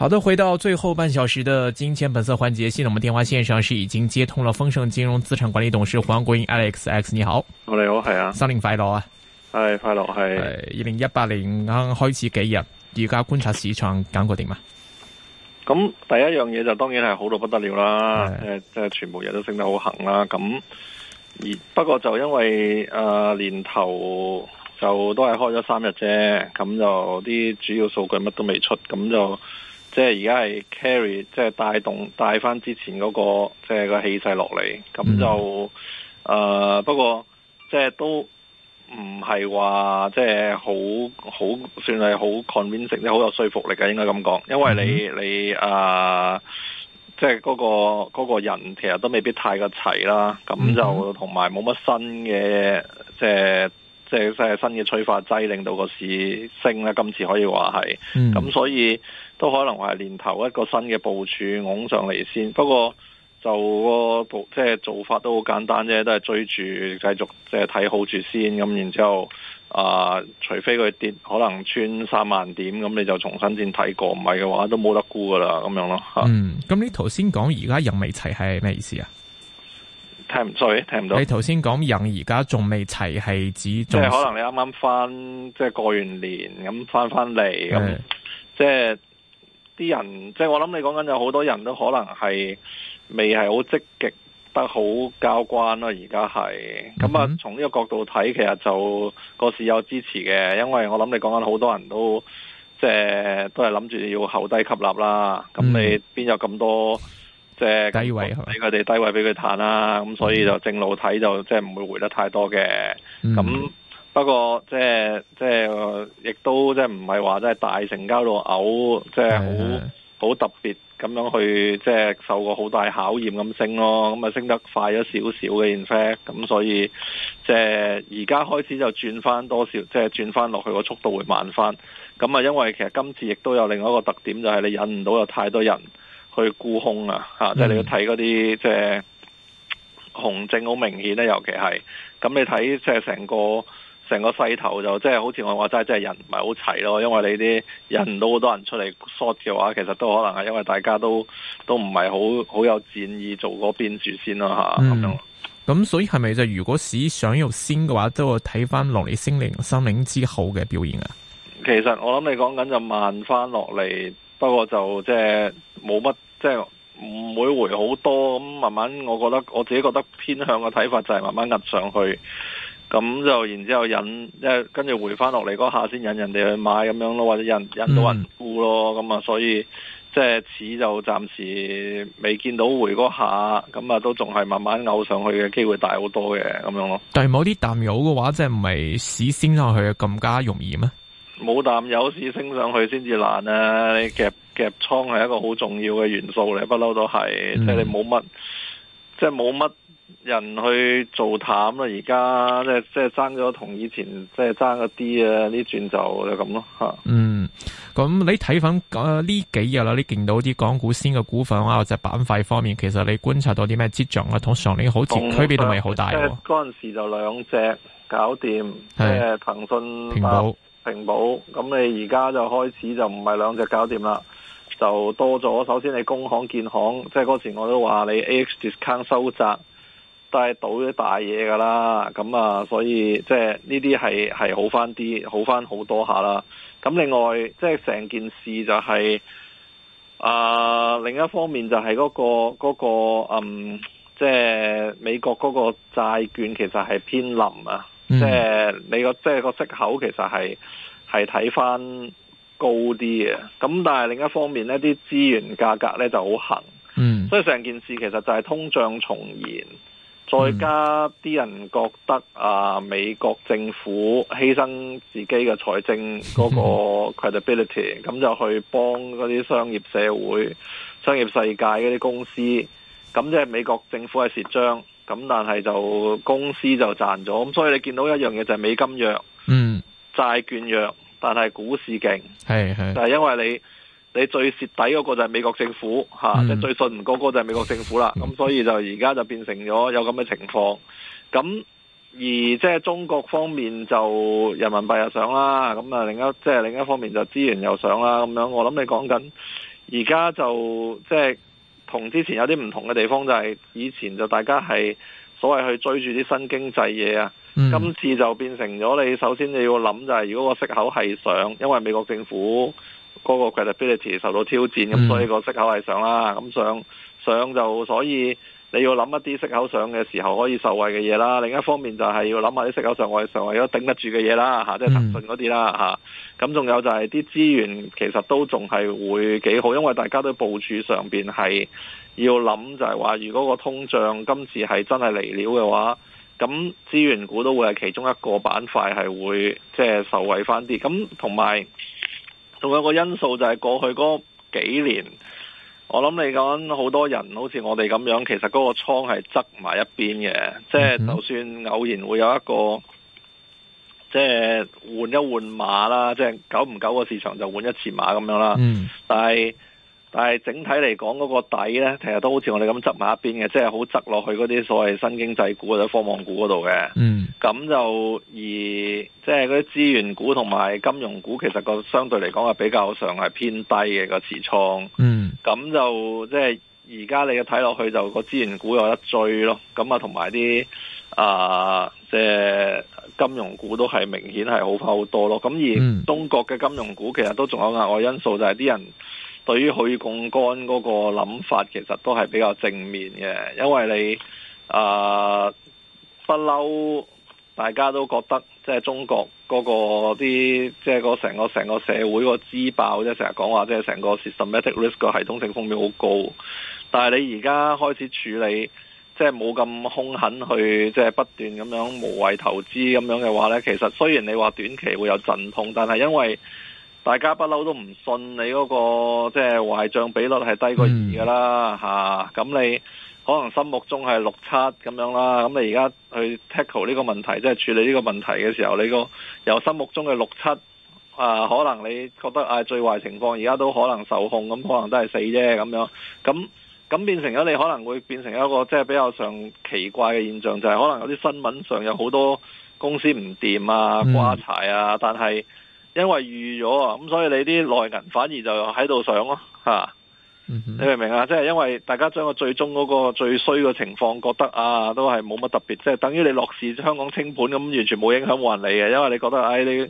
好的，回到最後半小時的金錢本色環節。現在我們電話線上是已經接通了豐盛金融資產管理董事黃國英 Alex X，你好。你好嘅，係啊，新年快樂啊。係、哎、快樂係。二零一八年啱開始幾日，而家觀察市場感覺點啊？咁第一樣嘢就當然係好到不得了啦，啊呃、全部嘢都升得好行啦。咁不過就因為、呃、年頭就都係開咗三日啫，咁就啲主要數據乜都未出，咁就。即係而家係 carry，即係帶動帶翻之前嗰、那個即係、就是、個氣勢落嚟，咁就誒、mm hmm. 呃，不過即係、就是、都唔係話即係好好算係好 convincing 即係好有說服力嘅，應該咁講。因為你你誒，即係嗰個嗰、那個人其實都未必太過齊啦，咁就同埋冇乜新嘅即係。就是即係新嘅催化劑，令到個市升咧。今次可以話係，咁、嗯、所以都可能係年頭一個新嘅部署，拱上嚟先。不過就、嗰個即係做法都好簡單啫，都係追住繼續即係睇好住先。咁然之後啊、呃，除非佢跌可能穿三萬點，咁你就重新先睇過。唔係嘅話，都冇得沽㗎啦，咁樣咯。嗯，咁你頭先講而家入未齊係咩意思啊？聽唔出，聽唔到。你頭先講人而家仲未齊，係指即係可能你啱啱翻，即係過完年咁翻翻嚟，咁，回回嗯、即係啲人，即係我諗你講緊有好多人都可能係未係好積極得好交關咯。而家係咁啊，從呢個角度睇，其實就個市有支持嘅，因為我諗你講緊好多人都即係都係諗住要后低吸納啦。咁你邊有咁多？嗯即係低位，俾佢哋低位俾佢彈啦，咁所以就正路睇就即係唔會回得太多嘅。咁、嗯、不過即係即係亦都即係唔係話即係大成交到嘔，即係好好特別咁樣去即係受過好大考驗咁升咯。咁啊，升得快咗少少嘅 In fact，咁所以即係而家開始就轉翻多少，即係轉翻落去個速度會慢翻。咁啊，因為其實今次亦都有另外一個特點，就係、是、你引唔到有太多人。去沽空啊！嚇、嗯，即係你要睇嗰啲，即係熊證好明顯咧，尤其係咁你睇，即係成個成個勢頭就，即係好似我話齋，即係人唔係好齊咯。因為你啲人都好多人出嚟 short 嘅話，其實都可能係因為大家都都唔係好好有戰意做嗰邊住先咯，吓、啊、咁、嗯、樣。咁、嗯、所以係咪就如果市想要先嘅話，都係睇翻落嚟星零三零之後嘅表現啊？其實我諗你講緊就慢翻落嚟，不過就即係冇乜。即係唔會回好多咁，慢慢我覺得我自己覺得偏向嘅睇法就係慢慢壓上去，咁就然之後引即係跟住回翻落嚟嗰下先引人哋去買咁樣咯，或者引引到人沽咯，咁啊所以即係市就暫時未見到回嗰下，咁啊都仲係慢慢嘔上去嘅機會大好多嘅咁樣咯。但係冇啲淡友嘅話，即係唔係市升上去咁加容易咩？冇淡友市升上去先至難啊！你夾。入倉係一個好重要嘅元素嚟，不嬲都係、嗯，即係你冇乜，即係冇乜人去做淡啦。而家即係即係爭咗同以前，即係爭一啲啊，呢轉就就咁咯吓。嗯，咁你睇翻講呢幾日啦，你見到啲港股先嘅股份啊，或者板塊方面，其實你觀察到啲咩跡象啊，同上年好似區別都未好大。即係嗰陣時就兩隻搞掂，即係騰訊、平保、平保，咁你而家就開始就唔係兩隻搞掂啦。就多咗，首先你工行、建行，即係嗰時我都話你 A X discount 收窄，但係賭啲大嘢噶啦，咁啊，所以即係呢啲係係好翻啲，好翻好多下啦。咁另外，即係成件事就係、是、啊、呃，另一方面就係嗰、嗰個嗰、嗰個嗯，即係美國嗰個債券其實係偏臨啊、嗯，即係你個即係個息口其實係係睇翻，高啲嘅，咁但係另一方面呢，啲資源價格呢就好行，嗯，所以成件事其實就係通脹重燃，嗯、再加啲人覺得啊，美國政府犧牲自己嘅財政嗰個 credibility，咁、嗯、就去幫嗰啲商業社會、商業世界嗰啲公司，咁即係美國政府係蝕章，咁但係就公司就賺咗，咁所以你見到一樣嘢就係美金弱，嗯，債券弱。但係股市勁，係係，但係因為你你最蝕底嗰個就係美國政府吓、嗯啊，你最信唔過個就係美國政府啦，咁、嗯、所以就而家就變成咗有咁嘅情況。咁而即係、就是、中國方面就人民幣又上啦，咁啊另一即係、就是、另一方面就資源又上啦，咁樣我諗你講緊而家就即係同之前有啲唔同嘅地方就係以前就大家係所謂去追住啲新經濟嘢啊。嗯、今次就變成咗你首先你要諗就係，如果個息口係上，因為美國政府嗰個 credibility 受到挑戰，咁、嗯、所以個息口係上啦。咁上上就所以你要諗一啲息口上嘅時候可以受惠嘅嘢啦。另一方面就係要諗下啲息口上我哋上係有頂得住嘅嘢啦嚇，即、就、係、是、騰訊嗰啲啦嚇。咁仲、嗯、有就係啲資源其實都仲係會幾好，因為大家都部署上邊係要諗就係話，如果個通脹今次係真係嚟了嘅話。咁資源股都會係其中一個板塊係會即係、就是、受惠翻啲，咁同埋仲有，有個因素就係過去嗰幾年，我諗你講好多人好似我哋咁樣，其實嗰個倉係側埋一邊嘅，即、就、係、是、就算偶然會有一個即係、就是、換一換馬啦，即、就、係、是、久唔久個市場就換一次馬咁樣啦。嗯，但係。但係整體嚟講嗰個底咧，其實都好似我哋咁側埋一邊嘅，即係好側落去嗰啲所謂新經濟股或者科網股嗰度嘅。嗯，咁就而即係嗰啲資源股同埋金融股，其實個相對嚟講係比較上係偏低嘅個持倉。嗯，咁就即係而家你嘅睇落去就個資源股有一追咯，咁啊同埋啲啊即係金融股都係明顯係好翻好多咯。咁而中國嘅金融股其實都仲有額外因素，就係啲人對於去杠杆嗰個諗法，其實都係比較正面嘅，因為你啊不嬲大家都覺得，即係中國嗰個啲即係成個成個社會個資爆，即係成日講話即係成個 systematic risk 個系統性風險好高。但係你而家開始處理，即係冇咁兇狠去，即係不斷咁樣無謂投資咁樣嘅話呢，其實雖然你話短期會有陣痛，但係因為大家不嬲都唔信你嗰個即係壞賬比率係低過二噶啦吓，嗯，啊，咁你可能心目中係六七咁樣啦，咁你而家去 tackle 呢個問題，即係處理呢個問題嘅時候，你個由心目中嘅六七啊，可能你覺得唉，最壞情況而家都可能受控，咁可能都係死啫咁樣，咁咁變成咗你可能會變成一個即係比較上奇怪嘅現象，就係可能有啲新聞上有好多公司唔掂啊，瓜柴啊，嗯，但係。因為預咗啊，咁所以你啲內銀反而就喺度上咯，吓、啊，mm hmm. 你明唔明啊？即係因為大家將個最終嗰個最衰嘅情況覺得啊，都係冇乜特別，即係等於你落市香港清盤咁，完全冇影響，冇人理嘅，因為你覺得，唉、哎，你呢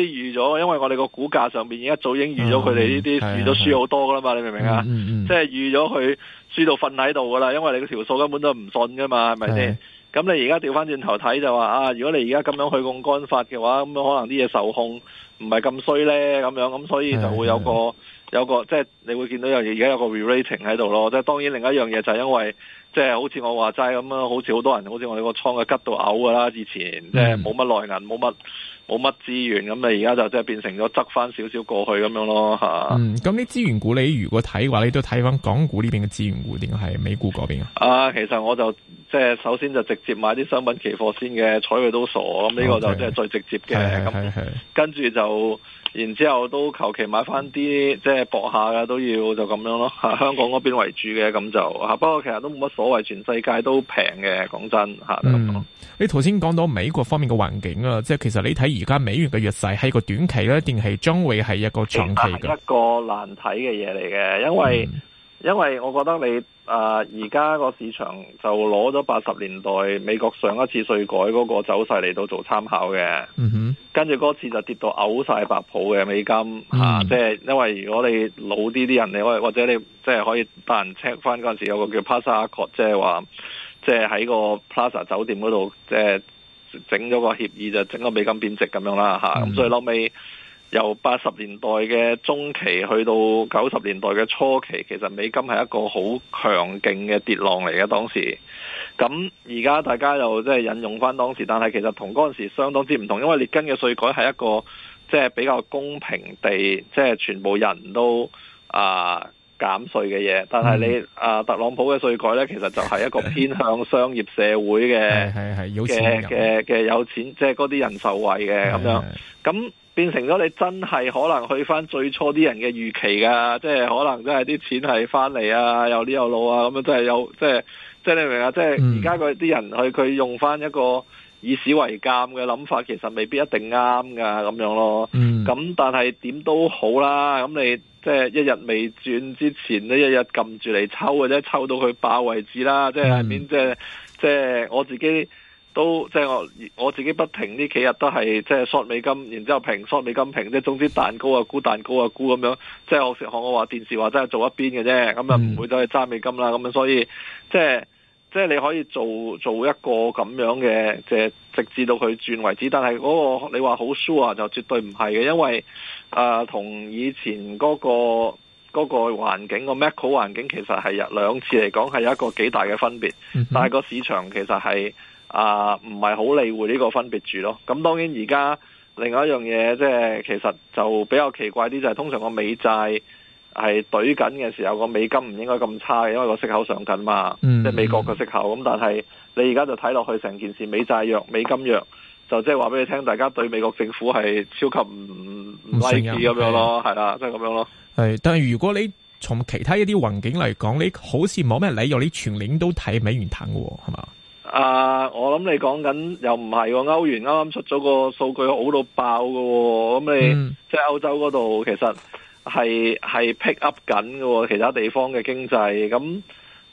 啲預咗，因為我哋個股價上面，而家早已經預咗佢哋呢啲輸都輸好多噶啦嘛，你明唔明啊？Mm hmm. 即係預咗佢輸到瞓喺度噶啦，因為你個條數根本都唔信噶嘛，係咪先？Hmm. 咁你而家調翻轉頭睇就話啊，如果你而家咁樣去咁幹法嘅話，咁樣可能啲嘢受控唔係咁衰咧，咁樣咁所以就會有個 有個即係你會見到樣嘢，而家有個 re-rating 喺度咯，即係當然另一樣嘢就係因為即係好似我話齋咁啦，好似好多人好似我哋個倉嘅急到嘔噶啦，以前即係冇乜內銀，冇乜。 冇乜資源咁，你而家就即係變成咗執翻少少過去咁樣咯嚇。啊、嗯，咁啲資源股你如果睇嘅話，你都睇翻港股呢邊嘅資源股，定係美股嗰邊啊？其實我就即係首先就直接買啲商品期貨先嘅，睬佢都傻咁，呢、嗯哦、個就即係最直接嘅。跟住就。然之後都求其買翻啲即係搏下嘅都要就咁樣咯，香港嗰邊為主嘅咁就吓。不過其實都冇乜所謂，全世界都平嘅，講真吓。嗯嗯、你頭先講到美國方面嘅環境啊，即係其實你睇而家美元嘅弱勢係個短期咧，定係將會係一個長期嘅一個難睇嘅嘢嚟嘅，因為、嗯。因為我覺得你啊，而家個市場就攞咗八十年代美國上一次稅改嗰個走勢嚟到做參考嘅，嗯哼，跟住嗰次就跌到嘔晒白普嘅美金嚇，即、啊、係、嗯、因為如果你老啲啲人，你我或者你即係、就是、可以得人 check 翻嗰陣時有個叫 Plaza Accord 即係話即係喺個 Plaza 酒店嗰度即係整咗個協議就整個美金貶值咁樣啦嚇，咁、啊嗯、所以後屘。由八十年代嘅中期去到九十年代嘅初期，其實美金係一個好強勁嘅跌浪嚟嘅當時。咁而家大家又即係引用翻當時，但係其實同嗰陣時相當之唔同，因為列根嘅稅改係一個即係比較公平地，即係全部人都啊、呃、減稅嘅嘢。但係你啊特朗普嘅稅改咧，其實就係一個偏向商業社會嘅，嘅嘅嘅有錢，即係嗰啲人受惠嘅咁樣咁。變成咗你真係可能去翻最初啲人嘅預期噶，即係可能真係啲錢係翻嚟啊，有呢有老啊，咁樣真係有，即係即係你明唔明啊？即係而家佢啲人去佢用翻一個以史為鑑嘅諗法，其實未必一定啱噶咁樣咯。咁、嗯、但係點都好啦，咁你即係一日未轉之前，呢一日撳住嚟抽或者抽到佢爆為止啦，即係邊即係即係我自己。都即係我我自己不停呢幾日都係即係 short 美金，然之後平 short 美金平，即係總之蛋糕啊沽蛋糕啊沽咁樣，即係我成日我話電視話真係做一邊嘅啫，咁又唔會再去揸美金啦，咁樣所以即係即係你可以做做一個咁樣嘅即係直至到佢轉為止，但係嗰、那個你話好 sure 啊就絕對唔係嘅，因為誒、呃、同以前嗰、那個嗰、那個環境、那個 macro 環境其實係有兩次嚟講係有一個幾大嘅分別，但係個市場其實係。啊，唔係好理會呢個分別住咯。咁當然而家另外一樣嘢，即係其實就比較奇怪啲，就係通常個美債係懟緊嘅時候，個美金唔應該咁差嘅，因為個息口上緊嘛，即係美國個息口。咁但係你而家就睇落去成件事，美債弱，美金弱，就即係話俾你聽，大家對美國政府係超級唔唔 nice 咁樣咯，係啦、啊，即係咁樣咯。係，但係如果你從其他一啲環境嚟講，你好似冇咩理由你全年都睇美元淡嘅，係嘛？啊！Uh, 我諗你講緊又唔係喎，歐元啱啱出咗個數據好到爆嘅、哦，咁你、mm. 即係歐洲嗰度其實係係 pick up 緊嘅、哦，其他地方嘅經濟咁，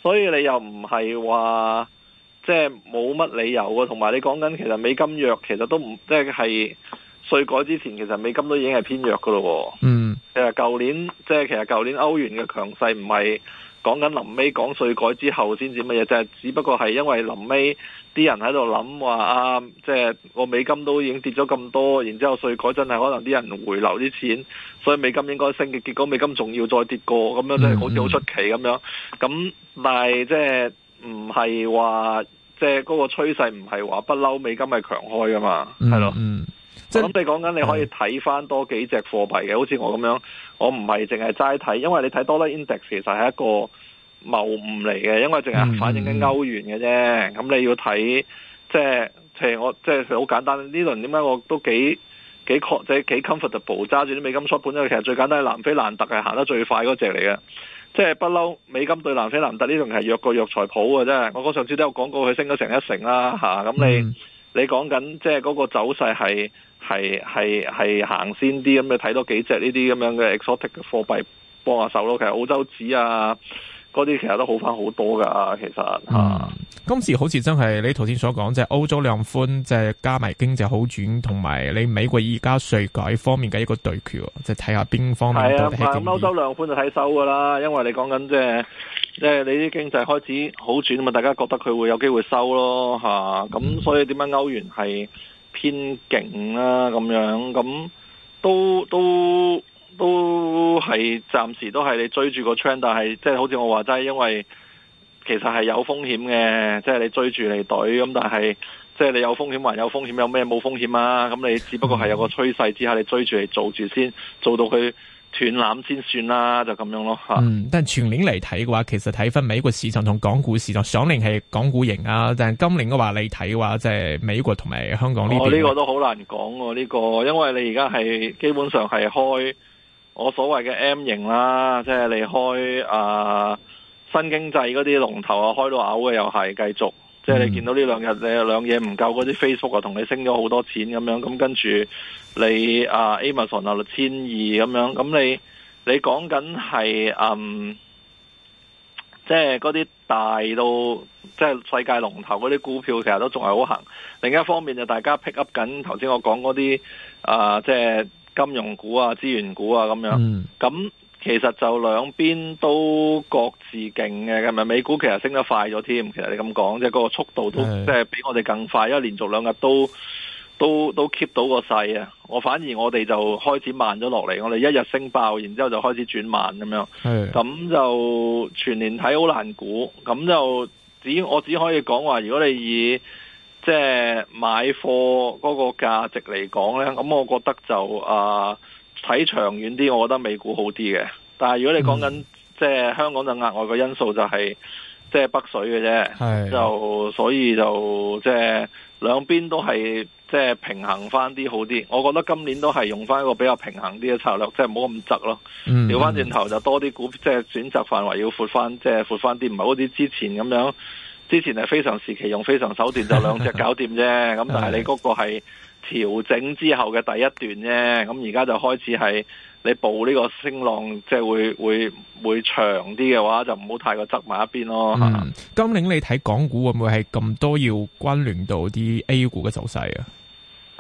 所以你又唔係話即係冇乜理由嘅，同埋你講緊其實美金弱，其實都唔即係稅改之前，其實美金都已經係偏弱嘅咯、哦。嗯，mm. 其實舊年即係其實舊年歐元嘅強勢唔係。講緊臨尾講稅改之後先至乜嘢，就係只不過係因為臨尾啲人喺度諗話啊，即係我美金都已經跌咗咁多，然之後稅改真係可能啲人回流啲錢，所以美金應該升嘅，結果美金仲要再跌過，咁樣真係好似好出奇咁樣。咁但係即係唔係話，即係嗰個趨勢唔係話不嬲美金係強開噶嘛，係咯、嗯嗯。咁即你講緊你可以睇翻多幾隻貨幣嘅，好似我咁樣，我唔係淨係齋睇，因為你睇 Dollar index 其實係一個謬誤嚟嘅，因為淨係反映緊歐元嘅啫。咁你要睇，即係譬如我即係好簡單，呢輪點解我都幾幾確，即係幾 comfortable 揸住啲美金出盤咧？因為其實最簡單係南非蘭特係行得最快嗰隻嚟嘅，即係不嬲美金對南非蘭特呢輪係弱過藥材普嘅啫。我上次都有講過佢升咗成一成啦吓，咁、啊、你、嗯、你講緊即係嗰個走勢係。係係係行先啲咁，你睇多幾隻呢啲咁樣嘅 exotic 嘅貨幣幫下手咯。其實澳洲紙啊，嗰啲其實都好翻好多噶。其實，嗯，今時好似真係你頭先所講，即係歐洲量寬，即係加埋經濟好轉同埋你美國依家稅改方面嘅一個對決，即係睇下邊方面多啲。係啊，歐洲量寬就睇收噶啦，因為你講緊即係即係你啲經濟開始好轉，咁啊大家覺得佢會有機會收咯，嚇咁所以點解歐元係？偏勁啦、啊，咁樣咁都都都係暫時都係你追住個 trend。但係即係好似我話齋，因為其實係有風險嘅，即係你追住嚟懟咁，但係即係你有風險還有風險，有咩冇風險啊？咁你只不過係有個趨勢之下，你追住嚟做住先，做到佢。斷纜先算啦，就咁樣咯吓。嗯，但係全年嚟睇嘅話，其實睇翻美國市場同港股市場，上年係港股型啊，但係今年嘅話你睇嘅話，即係美國同埋香港呢邊，哦，呢個都好難講喎。呢個因為你而家係基本上係開我所謂嘅 M 型啦，即係你開啊，呃，新經濟嗰啲龍頭啊，開到嘔嘅又係繼續。嗯、即係你見到呢兩日你有兩嘢唔夠嗰啲 Facebook 啊同你升咗好多錢咁樣，咁跟住你啊 Amazon 啊，六千二，咁樣，咁你你講緊係嗯，即係嗰啲大到即係世界龍頭嗰啲股票其實都仲係好行。另一方面就大家 pick up 緊頭先我講嗰啲啊，即係金融股啊、資源股啊咁樣，咁。嗯其實就兩邊都各自勁嘅，係咪？美股其實升得快咗添，其實你咁講即係個速度都即係比我哋更快，因為是的 連續兩日都都都 keep 到個勢啊！我反而我哋就開始慢咗落嚟，我哋一日升爆，然之後就開始轉慢咁樣。咁是的 就全年睇好難估，咁就只我只可以講話，如果你以即係、就是、買貨嗰個價值嚟講呢，咁我覺得就啊。呃睇長遠啲，我覺得美股好啲嘅。但係如果你講緊即係香港就額外嘅因素就係即係北水嘅啫，是的 就所以就即係、就是、兩邊都係即係平衡翻啲好啲。我覺得今年都係用翻一個比較平衡啲嘅策略，即係唔好咁窄咯。調翻轉頭就多啲股，即、就、係、是、選擇範圍要闊翻，即、就、係、是、闊翻啲，唔係好似之前咁樣。之前係非常時期用非常手段就兩隻搞掂啫。咁 是的 但係你嗰個係。調整之後嘅第一段啫，咁而家就開始係你博呢個升浪，即、就、係、是、會會會長啲嘅話，就唔好太過側埋一邊咯。嗯，今年你睇港股會唔會係咁多要關聯到啲 A 股嘅走勢啊？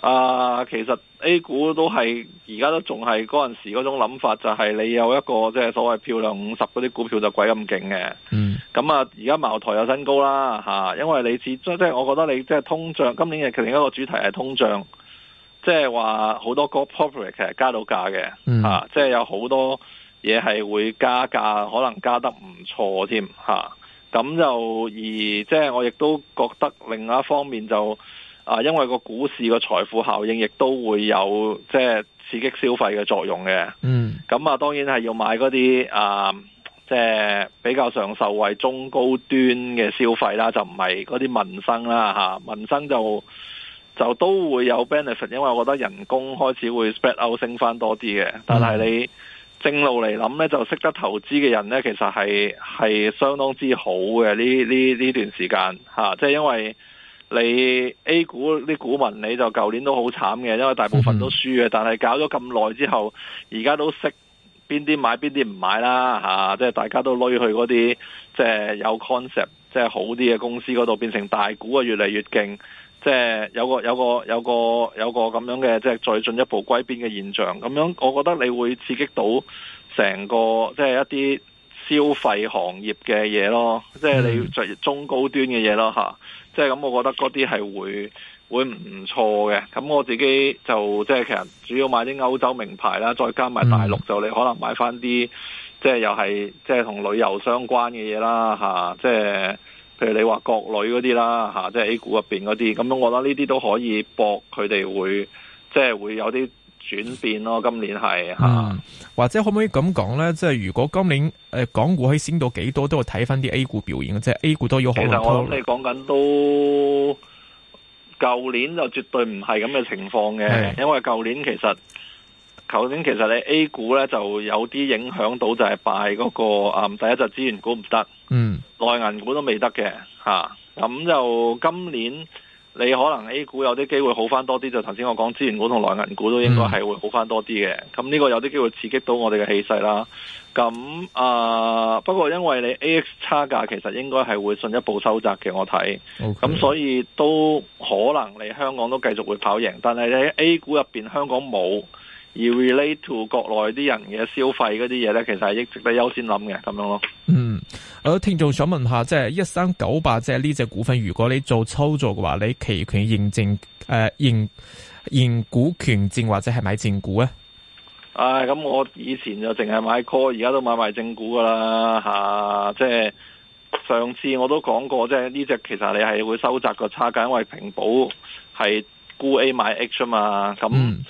啊，其實 A 股都係而家都仲係嗰陣時嗰種諗法，就係你有一個即係、就是、所謂漂亮五十嗰啲股票就鬼咁勁嘅。嗯咁啊，而家茅台有新高啦，吓，因為你始終即係我覺得你即係通脹今年嘅其另一個主題係通脹，即係話好多個 property 其實加到價嘅，吓、嗯，即係、啊就是、有好多嘢係會加價可能加得唔錯添，吓、啊，咁就而即係我亦都覺得另外一方面就啊，因為個股市個財富效應亦都會有即係、就是、刺激消費嘅作用嘅，嗯。咁啊，當然係要買嗰啲啊。即係比較上受惠中高端嘅消費啦，就唔係嗰啲民生啦吓、啊，民生就就都會有 benefit，因為我覺得人工開始會 spread out 升翻多啲嘅。但係你正路嚟諗咧，就識得投資嘅人咧，其實係係相當之好嘅呢呢呢段時間吓，即、啊、係、就是、因為你 A 股啲股民你就舊年都好慘嘅，因為大部分都輸嘅，但係搞咗咁耐之後，而家都識。邊啲買邊啲唔買啦吓、啊，即係大家都累去嗰啲即係有 concept 即係好啲嘅公司嗰度，變成大股啊越嚟越勁，即係有個有個有個有個咁樣嘅即係再進一步歸邊嘅現象，咁樣我覺得你會刺激到成個即係一啲消費行業嘅嘢咯，即係你著中高端嘅嘢咯吓，即係咁我覺得嗰啲係會。會唔錯嘅，咁我自己就即係其實主要買啲歐洲名牌啦，再加埋大陸就你可能買翻啲，即係又係即係同旅遊相關嘅嘢啦吓、啊，即係譬如你話國旅嗰啲啦吓、啊，即係 A 股入邊嗰啲，咁樣我覺得呢啲都可以博佢哋會即係會有啲轉變咯。今年係吓、啊嗯，或者可唔可以咁講呢？即係如果今年誒、呃、港股喺升到幾多，都會睇翻啲 A 股表現即係 A 股都要可其實我諗你講緊都。舊年就絕對唔係咁嘅情況嘅，因為舊年其實，舊年其實你 A 股呢就有啲影響到就、那個，就係拜嗰個誒，第一隻資源股唔得，嗯，內銀股都未得嘅吓，咁、啊、就今年。你可能 A 股有啲機會好翻多啲，就頭先我講資源股同內銀股都應該係會好翻多啲嘅。咁呢、嗯、個有啲機會刺激到我哋嘅氣勢啦。咁啊、呃，不過因為你 A X 差價其實應該係會進一步收窄嘅，我睇。OK。咁所以都可能你香港都繼續會跑贏，但係你喺 A 股入邊香港冇，而 relate to 國內啲人嘅消費嗰啲嘢呢，其實係亦值得優先諗嘅。咁樣咯。嗯有聽眾想問下，即係一三九八，即係呢隻股份，如果你做操作嘅話，你期權認證誒、呃、認認股權證或者係買正股咧？啊、哎、咁我以前就淨係買 call，而家都買埋正股噶啦吓。即、啊、係、就是、上次我都講過，即係呢隻其實你係會收窄個差價，因為平保係沽 A 買 H 啊嘛，咁。嗯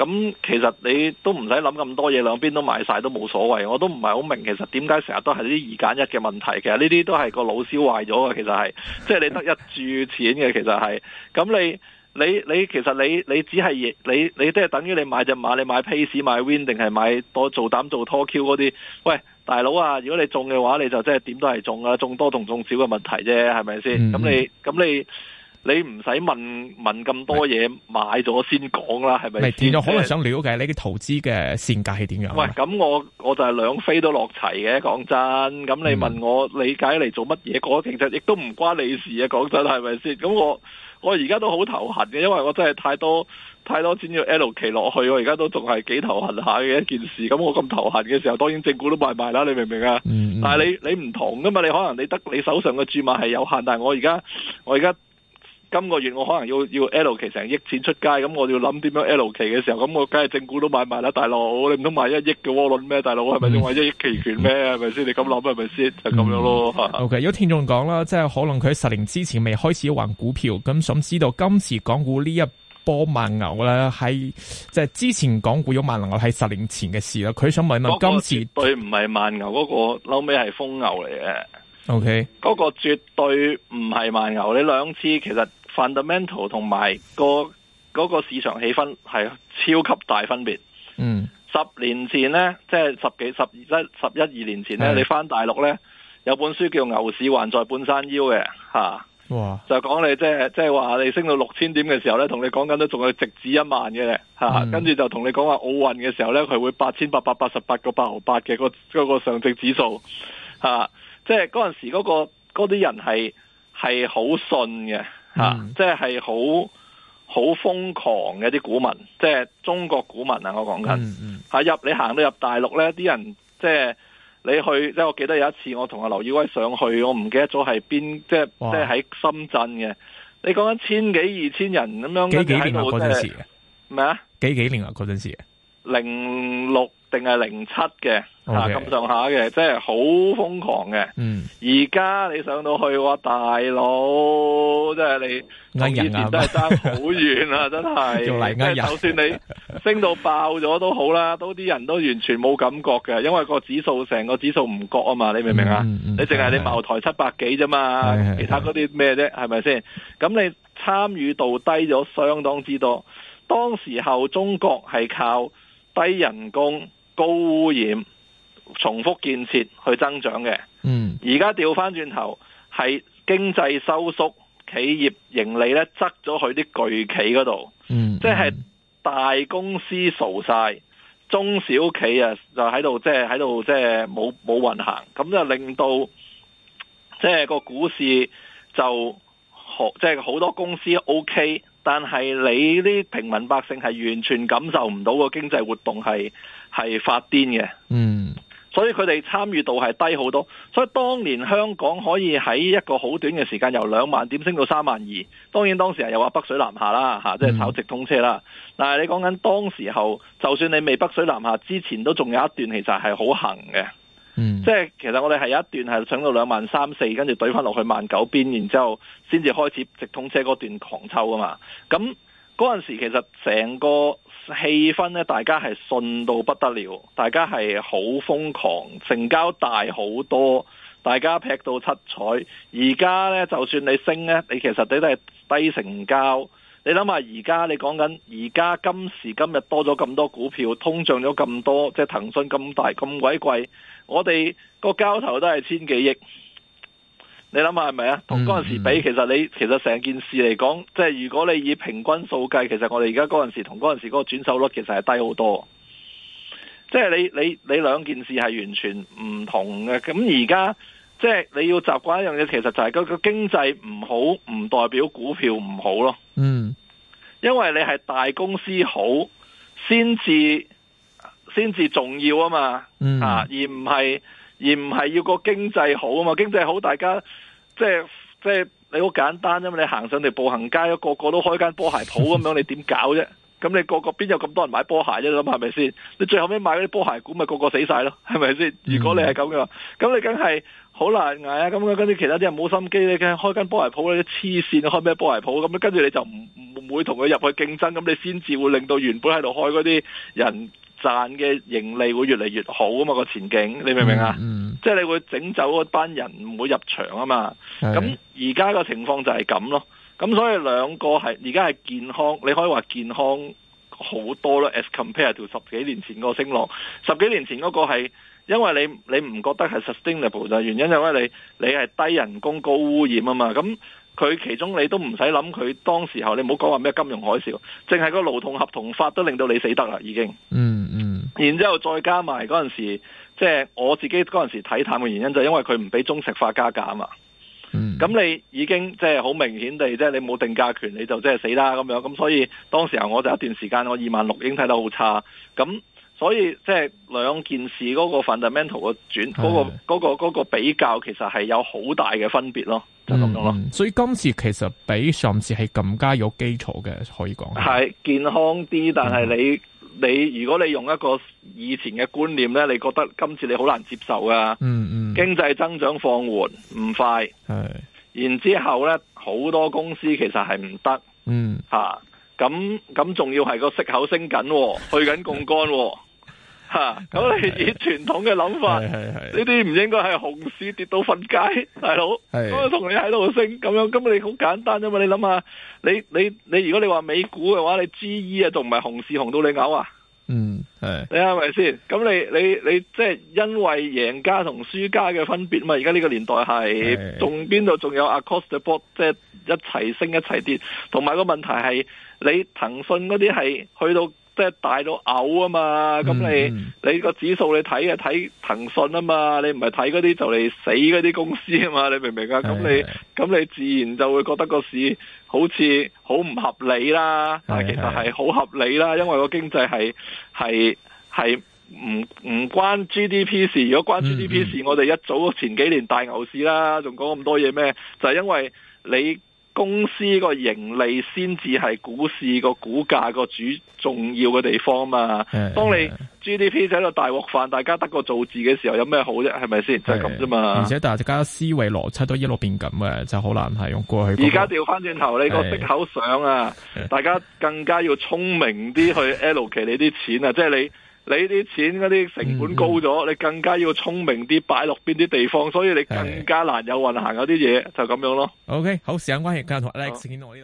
咁其實你都唔使諗咁多嘢，兩邊都買晒都冇所謂。我都唔係好明，其實點解成日都係啲二揀一嘅問題。其實呢啲都係個腦燒壞咗啊！其實係，即係你得一注錢嘅，其實係。咁你你你其實你你只係你你都係等於你買隻馬，你買 pay 史買 win d 定係買多做膽做拖 Q 嗰啲？喂，大佬啊，如果你中嘅話，你就即係點都係中啊，中多同中少嘅問題啫，係咪先？咁你咁你。你唔使問問咁多嘢，買咗先講啦，係咪？變咗可能想了解你啲投資嘅善價係點樣？喂，咁我我就係兩飛都落齊嘅，講真。咁你問我理解嚟做乜嘢？嗰其實亦都唔關你事啊，講真，係咪先？咁我我而家都好頭痕嘅，因為我真係太多太多錢要 L 期落去，我而家都仲係幾頭痕下嘅一件事。咁我咁頭痕嘅時候，當然正股都賣賣啦，你明唔明啊？嗯嗯但係你你唔同噶嘛？你可能你得你手上嘅注碼係有限，但係我而家我而家。今個月我可能要要 allocate 成億錢出街，咁我要諗點樣 allocate 嘅時候，咁我梗係正股都買埋啦，大佬你唔通買一億嘅窩輪咩？大佬係咪要買一億期權咩？係咪先？你咁諗係咪先？就咁、是、樣咯。嗯、 OK，有聽眾講啦，即係可能佢喺十年之前未開始玩股票，咁想知道今次港股呢一波慢牛咧，喺即係之前港股有慢牛係十年前嘅事啦。佢想問問那個 今次絕對唔係慢牛嗰、那個後牛，後尾係瘋牛嚟嘅。OK，嗰個絕對唔係慢牛，你兩次其實。Fundamental 同埋個嗰個市場氣氛係超級大分別。嗯，十年前呢，即係十幾、十，即十一、十一二年前呢，嗯、你翻大陸呢，有本書叫《牛市還在半山腰》嘅、啊、吓哇，就講你即係即係話你升到六千點嘅時候呢，同你講緊都仲係直指一萬嘅吓，啊嗯、跟住就同你講話奧運嘅時候呢，佢會八千八百八十八個八毫八嘅個個上證指數吓，即係嗰陣時嗰、那個嗰啲人係係好信嘅。吓，嗯、即係好好瘋狂嘅啲股民，即係中國股民啊！我講緊，吓、嗯嗯、入你行到入大陸咧，啲人即係你去，即係我記得有一次我同阿劉耀威上去，我唔記得咗係邊，即係即係喺深圳嘅。你講緊千幾二千人咁樣嘅係咪，咩啊？幾幾年啊？嗰陣時？零六。定係零七嘅嚇，咁上下嘅，即係好瘋狂嘅。而家、嗯、你上到去哇大佬，即係你以前都係爭好遠啦，真係、啊。真嗯嗯嗯、就算你升到爆咗都好啦，都啲人都完全冇感覺嘅，因為個指數成個指數唔覺啊嘛，你明唔明啊？嗯嗯、你淨係你茅台七百幾啫嘛，嗯、其他嗰啲咩啫，係咪先？咁你參與度低咗相當之多。當時候中國係靠低人工。高污染、重複建設去增長嘅，而家調翻轉頭係經濟收縮，企業盈利咧側咗去啲巨企嗰度，嗯、即係大公司傻晒，中小企啊就喺度即係喺度即係冇冇運行，咁就令到即係、就是、個股市就好，即係好多公司 O、OK、K，但係你啲平民百姓係完全感受唔到個經濟活動係。係發癲嘅。嗯，所以佢哋參與度係低好多，所以當年香港可以喺一個好短嘅時間由兩萬點升到三萬二，當然當時係又話北水南下啦，吓、嗯，即係炒直通車啦。但係你講緊當時候，就算你未北水南下之前，都仲有一段其實係好行嘅，嗯，即係其實我哋係有一段係上到兩萬三四，4, 跟住懟翻落去萬九邊，然之後先至開始直通車嗰段狂抽啊嘛，咁。嗰陣時其實成個氣氛咧，大家係信到不得了，大家係好瘋狂，成交大好多，大家劈到七彩。而家呢，就算你升呢，你其實你都係低成交。你諗下，而家你講緊，而家今時今日多咗咁多股票，通脹咗咁多，即係騰訊咁大咁鬼貴，我哋個交投都係千幾億。你諗下係咪啊？同嗰陣時比，其實你其實成件事嚟講，即係如果你以平均數計，其實我哋而家嗰陣時同嗰陣時嗰個轉手率其實係低好多。即係你你你兩件事係完全唔同嘅。咁而家即係你要習慣一樣嘢，其實就係個個經濟唔好，唔代表股票唔好咯。嗯，因為你係大公司好，先至先至重要啊嘛。啊，而唔係。而唔係要個經濟好啊嘛，經濟好大家即係即係你好簡單啫嘛，你行上條步行街，個個都開間波鞋鋪咁樣，你點搞啫？咁你個個邊有咁多人買波鞋啫？諗係咪先？你最後尾買嗰啲波鞋股咪個個死晒咯？係咪先？如果你係咁嘅話，咁你梗係好難捱啊！咁跟住其他啲人冇心機咧，你梗開間波鞋鋪你黐線，開咩波鞋鋪咁？跟住你就唔唔會同佢入去競爭，咁你先至會令到原本喺度開嗰啲人。賺嘅盈利會越嚟越好啊嘛，個前景，你明唔明啊？嗯、mm，hmm. 即係你會整走嗰班人唔會入場啊嘛。咁而家個情況就係咁咯。咁所以兩個係而家係健康，你可以話健康好多咯。As compared to 十幾年前個升浪，十幾年前嗰個係因為你你唔覺得係 sustainable 就係原因，就因為你你係低人工高污染啊嘛。咁佢其中你都唔使諗，佢當時候你唔好講話咩金融海嘯，淨係個勞動合同法都令到你死得啦，已經。嗯嗯。嗯然之後再加埋嗰陣時，即係我自己嗰陣時睇淡嘅原因，就因為佢唔俾中石化加價啊嘛。嗯。咁你已經即係好明顯地，即係你冇定價權，你就即係死啦咁樣。咁所以當時候我就一段時間我二萬六已經睇得好差。咁所以即係兩件事嗰個 fundamental 個轉，嗰個嗰個嗰個比較，其實係有好大嘅分別咯。嗯，嗯，所以今次其實比上次係更加有基礎嘅，可以講係健康啲。但係你、嗯、你，你如果你用一個以前嘅觀念呢，你覺得今次你好難接受啊，嗯？嗯嗯，經濟增長放緩唔快，是然之後咧，好多公司其實係唔得，嗯吓，咁咁仲要係個息口升緊，去緊槓桿。 吓，咁、啊、你以傳統嘅諗法，呢啲唔應該係熊市跌到瞓街，大佬。咁啊是，同你喺度升咁樣，咁你好簡單啫嘛。你諗下，你你你，如果你話美股嘅話，你 G E 啊，仲唔係熊市熊到你嘔啊？嗯，係。你係咪先？咁你你你，即係因為贏家同輸家嘅分別嘛。而家呢個年代係，仲邊度仲有 across the board，即係一齊升一齊跌。同埋個問題係，你騰訊嗰啲係去到。即係大到嘔啊嘛，咁你你個指數，你睇啊睇騰訊啊嘛，你唔係睇嗰啲就嚟死嗰啲公司啊嘛，你明唔明啊？咁是的 你咁你自然就會覺得個市好似好唔合理啦，是的 但係其實係好合理啦，因為個經濟係係係唔唔關 GDP 事。如果關 GDP 事，是的 我哋一早前幾年大牛市啦，仲講咁多嘢咩？就係、是、因為你。公司個盈利先至係股市個股價個主重要嘅地方嘛。當你 GDP 喺度大鑊飯，大家得個造字嘅時候，有咩好啫？係咪先？就係咁啫嘛。而且大家思維邏輯都一路變緊啊，就好難係用過去、那個。而家調翻轉頭，你個息口想啊，的大家更加要聰明啲去 l 奇你啲錢啊！ 即係你。你啲錢嗰啲成本高咗，嗯，你更加要聰明啲擺落邊啲地方，所以你更加難有運行嗰啲嘢，就咁樣咯。OK，好，時間關係，交託 Alex 你度。哦